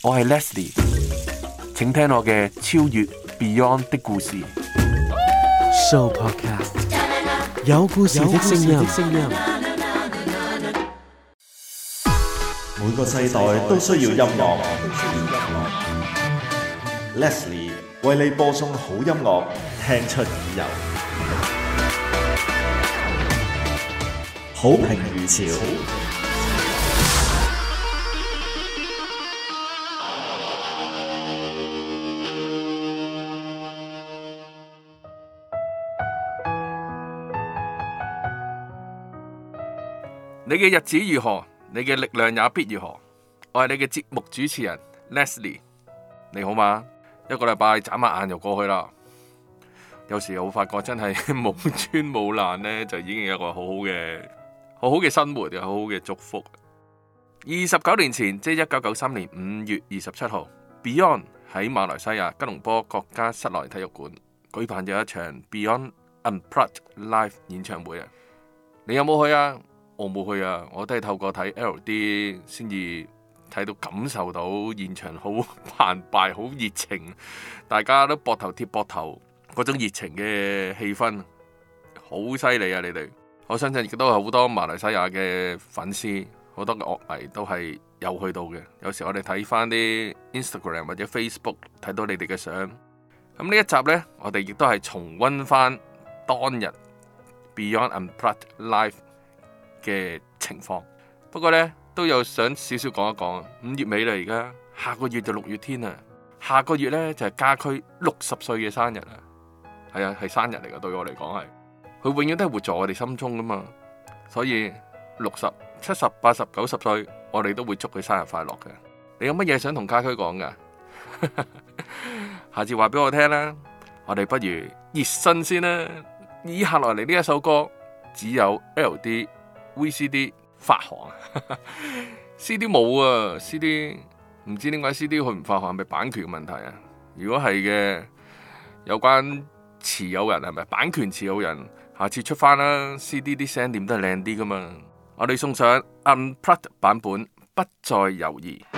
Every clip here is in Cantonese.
我係 Leslie，請聽我嘅超越 Beyond 的故事。Show podcast，有故事的聲音。每個世代都需要音樂。Leslie 為你播送好音樂，聽出耳油，好評如潮。你嘅日子如何？你嘅力量也必如何？我係你嘅節目主持人 Leslie，你好嘛？一個禮拜眨下眼就過去啦。有時我發覺真係冇穿冇爛呢，就已經有一個好好嘅、好好嘅生活，有好好嘅祝福。二十九年前，即係一九九三年五月二十七號，Beyond 喺馬來西亞吉隆坡國家室內體育館舉辦咗一場 Beyond Unplugged Live 演唱會啊！你有冇去啊？我冇去啊，我都係透過睇 L D 先至睇到，感受到現場好澎湃，好熱情，大家都膊頭貼膊頭，嗰種熱情嘅氣氛好犀利啊！你哋我相信亦都係好多馬來西亞嘅粉絲，好多嘅樂迷都係有去到嘅。有時我哋睇翻啲 Instagram 或者 Facebook，睇到你哋嘅相。咁呢一集呢，我哋亦都係重溫翻當日 Beyond Unplugged Live 嘅情況，不過呢，都有想少少講一講。五月尾啦，而家下個月就六月天啦。下個月呢，就係、是、家駒六十歲嘅生日啦，係啊，係生日嚟噶。對我嚟講係佢永遠都係活在我哋心中噶嘛。所以六十、七十、八十、九十歲，我哋都會祝佢生日快樂嘅。你有乜嘢想同家駒講噶？ 下次話俾我聽啦。我哋不如熱身先啦。以下落嚟呢一首歌，只有 L.D。VCD 發行 CD 冇啊，CD 唔知點解 CD 佢唔發行係咪版權問題啊？如果係嘅，有關持有人係咪版權持有人？下次出翻啦，CD 啲聲點都係靚啲噶嘛？我哋送上 unplugged 版本，不再猶豫。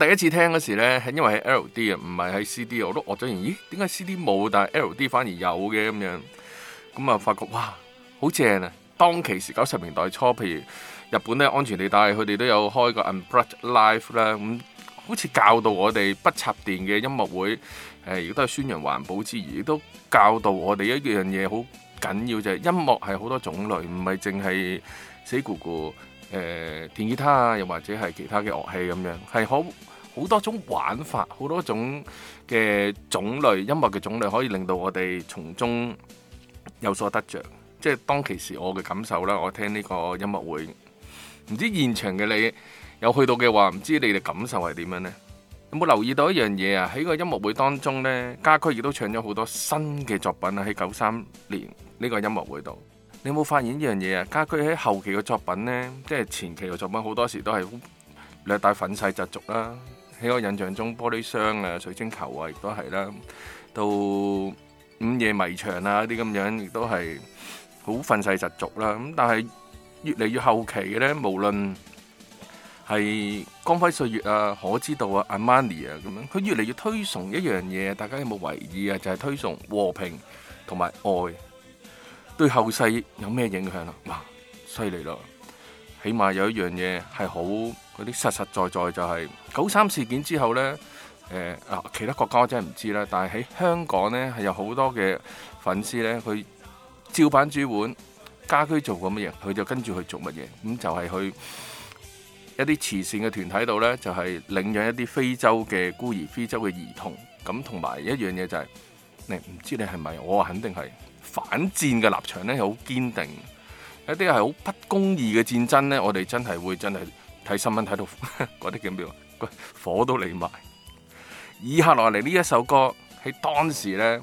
第一次聽嗰時咧，係因為喺 L.D. 啊，唔係喺 C.D. 我都愕咗然。咦？點解 C.D. 冇，但係 L.D. 反而有嘅咁樣？咁啊，發覺哇，好正啊！當其時九十年代初，譬如日本咧安全地帶，佢哋都有開個 unplugged live 啦。咁好似教導我哋不插電嘅音樂會。誒、呃，亦都係宣揚環保之餘，亦都教導我哋一樣嘢好緊要就係、是、音樂係好多種類，唔係淨係死咕咕，誒、呃、電吉他啊，又或者係其他嘅樂器咁樣，係好。好多種玩法，好多種嘅種類音樂嘅種類，的種類可以令到我哋從中有所得着。即係當其時我嘅感受啦，我聽呢個音樂會，唔知現場嘅你有去到嘅話，唔知你哋感受係點樣呢？有冇留意到一樣嘢啊？喺個音樂會當中呢，家駒亦都唱咗好多新嘅作品啊！喺九三年呢個音樂會度，你有冇發現一樣嘢啊？家駒喺後期嘅作品呢，即係前期嘅作品好多時都係略帶憤世嫉俗啦。喺我印象中，玻璃箱啊、水晶球啊，亦都係啦。到午夜迷牆啊，啲咁樣亦都係好憤世嫉俗啦。咁但係越嚟越後期嘅咧，無論係光輝歲月啊、可知道啊、阿瑪尼啊咁樣，佢越嚟越推崇一樣嘢，大家有冇留意啊？就係推崇和平同埋愛，對後世有咩影響啊？哇！犀利啦！起碼有一樣嘢係好嗰啲實實在在，就係九三事件之後呢，誒、呃、啊其他國家我真係唔知啦，但係喺香港呢，係有好多嘅粉絲呢，佢照板煮碗，家居做過乜嘢，佢就跟住去做乜嘢，咁就係去一啲慈善嘅團體度呢，就係、是、領養一啲非洲嘅孤兒、非洲嘅兒童，咁同埋一樣嘢就係、是，你唔知你係咪？我肯定係反戰嘅立場呢，好堅定。有啲係好不公義嘅戰爭呢，我哋真係會真係睇新聞睇到嗰啲叫咩話？個火都嚟埋。以下落嚟呢一首歌喺當時呢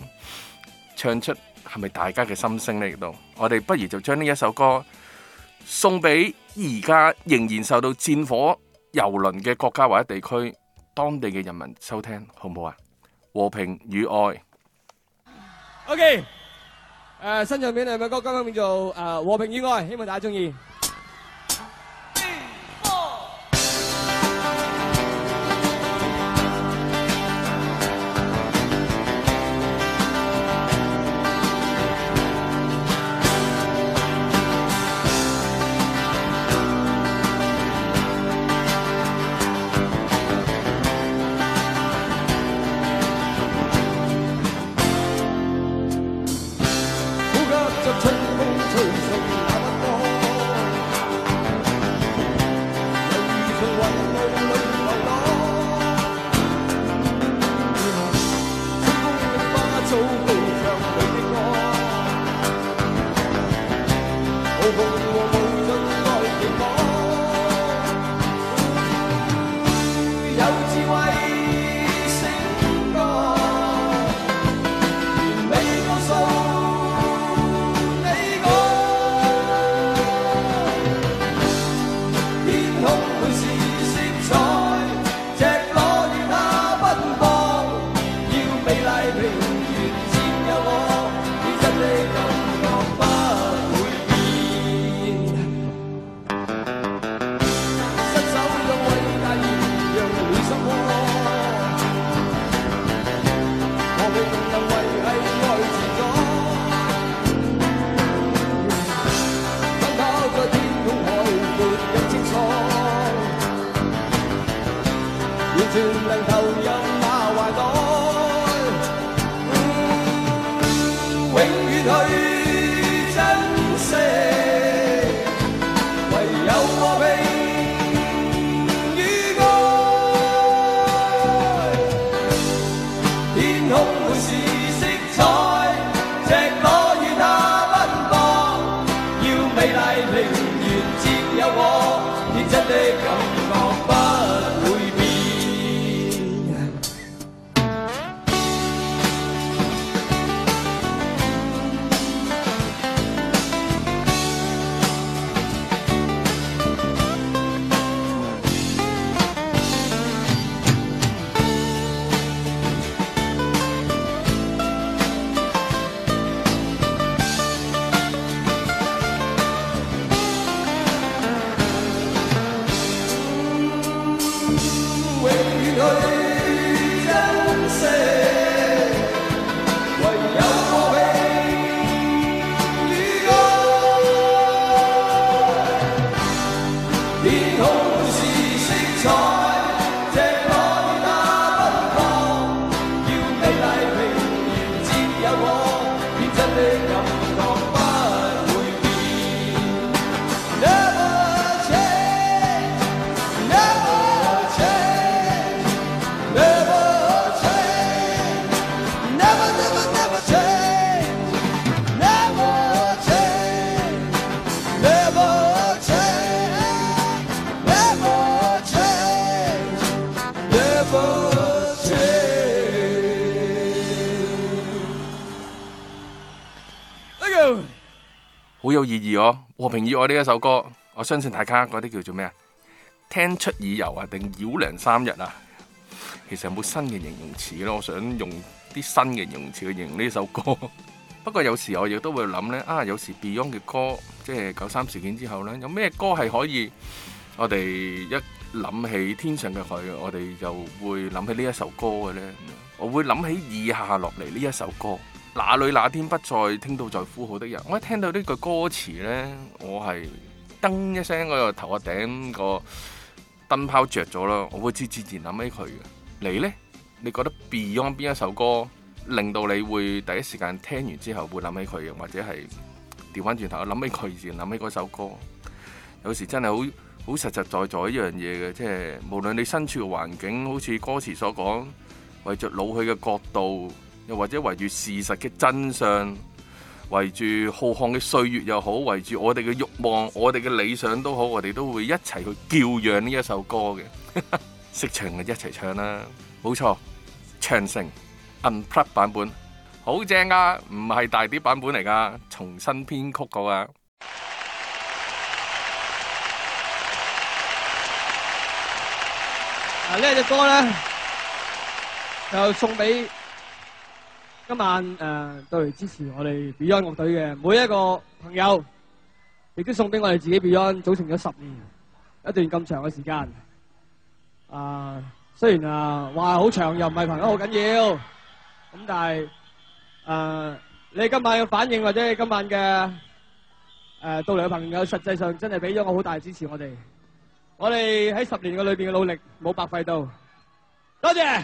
唱出係咪大家嘅心聲呢？到我哋不如就將呢一首歌送俾而家仍然受到戰火蹂躪嘅國家或者地區當地嘅人民收聽，好唔好啊？和平與愛。OK。誒新唱片係咪歌？剛剛叫做誒和平與愛，希望大家中意。我平熱愛呢一首歌，我相信大家嗰啲叫做咩啊？聽出耳油啊，定繞樑三日啊？其實有冇新嘅形容詞囉？我想用啲新嘅形容詞去形容呢一首歌。不過有時我亦都會諗呢，啊，有時 Beyond 嘅歌，即係九三事件之後呢，有咩歌係可以我哋一諗起天上嘅海，我哋就會諗起呢一首歌嘅呢？我會諗起以下落嚟呢一首歌。哪裏哪天不再聽到在呼號的人？我一聽到呢句歌詞呢，我係噔一聲，我、個頭啊頂、個燈泡着咗啦！我會自自然諗起佢嘅。你呢？你覺得 Beyond 邊一首歌令到你會第一時間聽完之後會諗起佢嘅，或者係調返轉頭諗起佢，自然諗起嗰首歌？有時真係好好實實在在一樣嘢嘅，即係無論你身處嘅環境，好似歌詞所講，為着老去嘅國度。又或者圍住事實嘅真相，圍住浩瀚嘅歲月又好，圍住我哋嘅慾望、我哋嘅理想都好，我哋都會一齊去叫嚷呢一首歌嘅。識唱就一齊唱啦，冇錯，長城 Unplugged 版本好正啊，唔係大碟版本嚟噶，重新編曲噶。啊，呢一隻歌咧就送俾。今晚誒到嚟支持我哋 Beyond 樂隊嘅每一個朋友，亦都送俾我哋自己 Beyond 組成咗十年一段咁長嘅時間。啊，雖然啊話好長又唔係朋友好緊要，咁但係誒你今晚嘅反應或者你今晚嘅誒到嚟嘅朋友，實際上真係俾咗我好大嘅支持我哋。我哋喺十年嘅裏邊嘅努力冇白費到。多謝。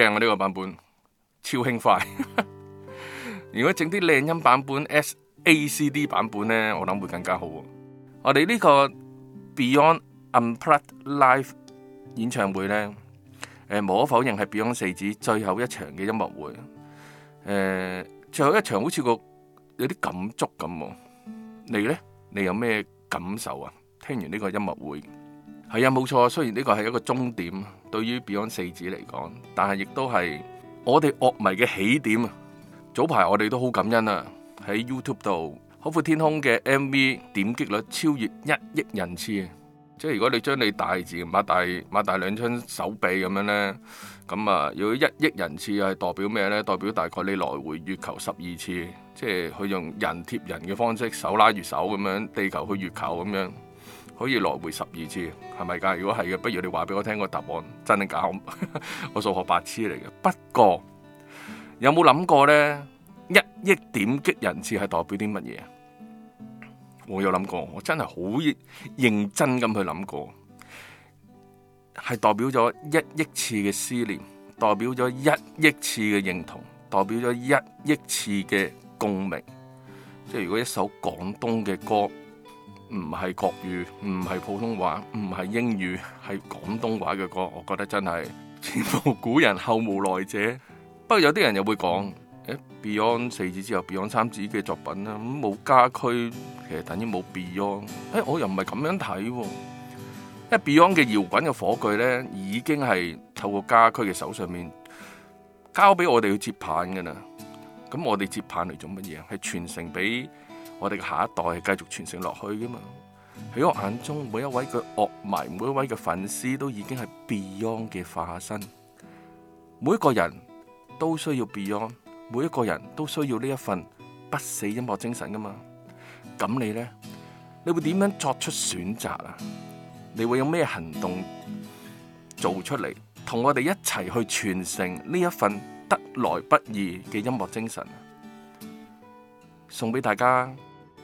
正我呢個版本超輕快，如果整啲靚音版本 SACD 版本咧，我諗會更加好。我哋呢個 Beyond Unplugged Live 演唱會咧，誒，無可否認係 Beyond 四子最後一場嘅音樂會。誒，最後一場好似個有啲感觸咁，你咧，你有咩感受啊？聽完呢個音樂會。係啊，冇錯。雖然呢個係一個終點，對於 Beyond 四子嚟講，但係亦都係我哋樂迷嘅起點啊！早排我哋都好感恩啊，喺 YouTube 度《海闊天空》嘅 MV 點擊率超越一億人次啊！即係如果你將你大字擘大擘大兩張手臂咁樣咧，咁啊，如果一億人次係代表咩咧？代表大概你來回月球十二次，即係去用人貼人嘅方式手拉月手咁樣，地球去月球咁樣。可以來回十二次，係咪噶？如果係嘅，不如你話俾我聽個答案，真定假的？ 我數學白痴嚟嘅。不過有冇諗過呢？一億點擊人次係代表啲乜嘢？我有諗過，我真係好認真咁去諗過，係代表咗一億次嘅思念，代表咗一億次嘅認同，代表咗一億次嘅共鳴。即係如果一首廣東嘅歌。唔係國語，唔係普通話，唔係英語，係廣東話嘅歌，我覺得真係前無古人後無來者。不過有啲人又會講，誒 Beyond 四子之後，Beyond 三子嘅作品啦，咁冇家駒其實等於冇 Beyond。誒我又唔係咁樣睇喎，啊，因為 Beyond 嘅搖滾嘅火炬咧，已經係透過家駒嘅手上面交俾我哋去接棒嘅啦。咁我哋接棒嚟做乜嘢？係傳承俾我哋嘅下一代係繼續傳承落去噶嘛？喺我眼中，每一位嘅樂迷，每一位嘅粉絲，都已經係 Beyond 嘅化身。每一個人都需要 Beyond，每一個人都需要呢一份不死音樂精神噶嘛？咁你呢？你會點樣作出選擇啊？你會用咩行動做出嚟，同我哋一齊去傳承呢一份得來不易嘅音樂精神啊？送俾大家。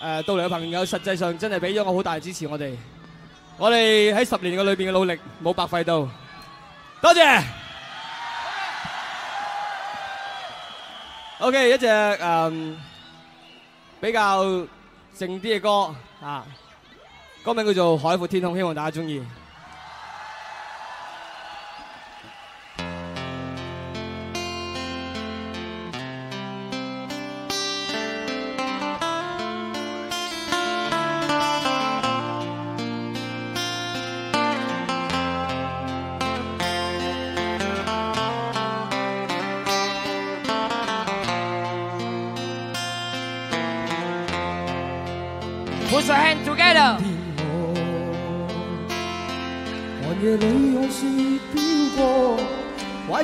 誒到嚟嘅朋友，實際上真係俾咗我好大嘅支持，我哋，我哋喺十年嘅裏邊嘅努力冇白費到，多謝。OK，一隻誒比較靜啲嘅歌啊，歌名叫做《海闊天空》，希望大家中意。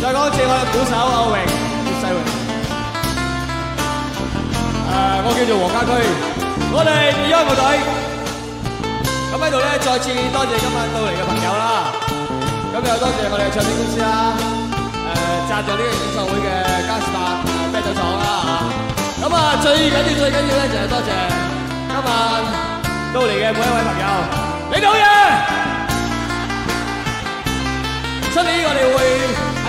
再講謝我嘅鼓手歐榮、葉世榮。誒，我叫做黃家駒，我哋二開樂隊。咁喺度咧，再次多謝今晚到嚟嘅朋友啦。咁又多謝我哋唱片公司啦。誒，贊助呢個演唱會嘅嘉士伯啤酒廠啦嚇。咁啊，最緊要最緊要咧，就係多謝今晚到嚟嘅每一位朋友。你好嘢！新年我哋會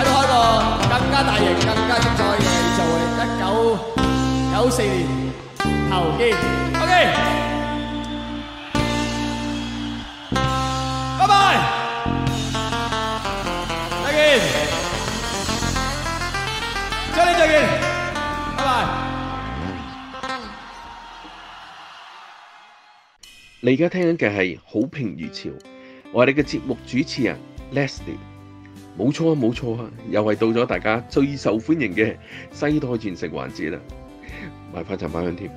喺度開個更加大型、更加精彩嚟做嘅一九九四年頭機，OK，拜拜，再見，再見，拜拜。你而家聽緊嘅係好評如潮，我係你嘅節目主持人 Leslie。冇錯啊，冇錯啊，又係到咗大家最受歡迎嘅西多傳承環節啦，買塊陳百香添。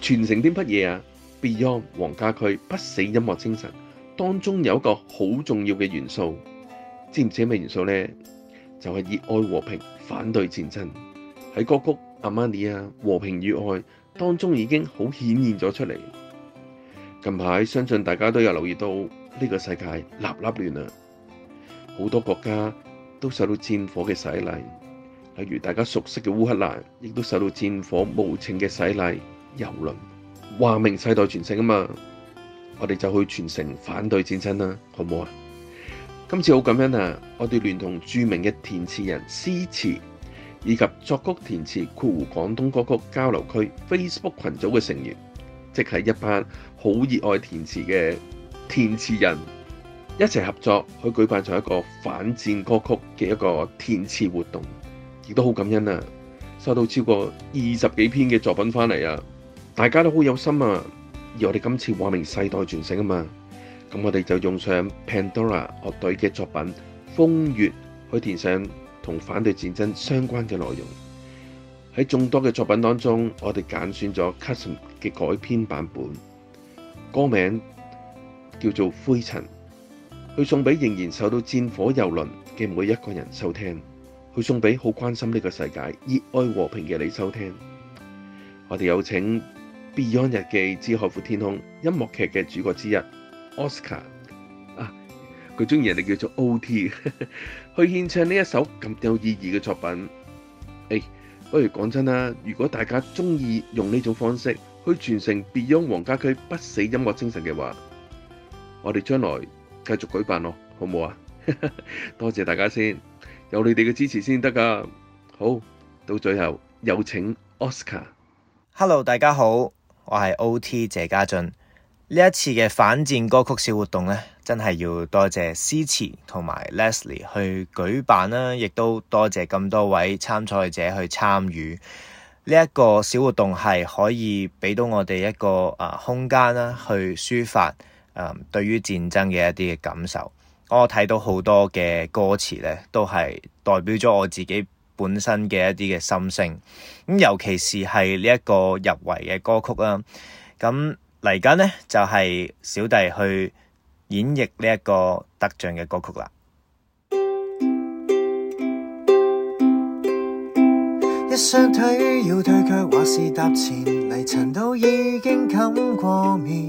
傳承啲乜嘢啊？Beyond 黃家駒《不死音樂精神》當中有一個好重要嘅元素，知唔知咩元素呢？就係、是、熱愛和平，反對戰爭。喺歌曲《Amani 和平與愛》當中已經好顯現咗出嚟。近排相信大家都有留意到呢、這個世界立立亂啊。好多國家都受到戰火嘅洗禮，例如大家熟悉嘅烏克蘭，亦都受到戰火無情嘅洗禮。郵輪，話明世代傳承啊嘛，我哋就去傳承反對戰爭啦，好唔好啊？今次好感恩啊！我哋聯同著名嘅填詞人、詩詞以及作曲填詞括弧廣東歌曲交流區 Facebook 群組嘅成員，即係一班好熱愛填詞嘅填詞人。一齊合作去舉辦咗一個反戰歌曲嘅一個填詞活動，亦都好感恩啊！收到超過二十幾篇嘅作品翻嚟啊，大家都好有心啊！而我哋今次話明世代傳承啊嘛，咁我哋就用上 Pandora 樂隊嘅作品《風月》去填上同反對戰爭相關嘅內容。喺眾多嘅作品當中，我哋揀選咗 Cuson 嘅改編版本，歌名叫做《灰塵》。去送俾仍然受到戰火蹂躪嘅每一個人收聽，去送俾好關心呢個世界、熱愛和平嘅你收聽。我哋有請 Beyond 日記之海闊天空音樂劇嘅主角之一 Oscar 啊，佢中意人哋叫做 OT， 去獻唱呢一首咁有意義嘅作品。誒、哎，不如講真啦，如果大家中意用呢種方式去傳承 Beyond 黃家駒不死音樂精神嘅話，我哋將來。繼續舉辦咯，好唔好啊？ 多謝大家先，有你哋嘅支持先得㗎。好，到最後，有請 Oscar。Hello，大家好，我係 OT 謝家俊。呢一次嘅反戰歌曲小活動咧，真係要多謝思慈同埋 Leslie 去舉辦啦，亦都多謝咁多位參賽者去參與。呢、這、一個小活動係可以俾到我哋一個啊空間啦，去抒發。誒，對於戰爭嘅一啲嘅感受，我睇到好多嘅歌詞咧，都係代表咗我自己本身嘅一啲嘅心聲。咁尤其是係呢一個入圍嘅歌曲啦。咁嚟緊呢，就係、是、小弟去演繹呢一個得獎嘅歌曲啦。一雙腿要退卻，或是踏前，泥塵都已經冚過面。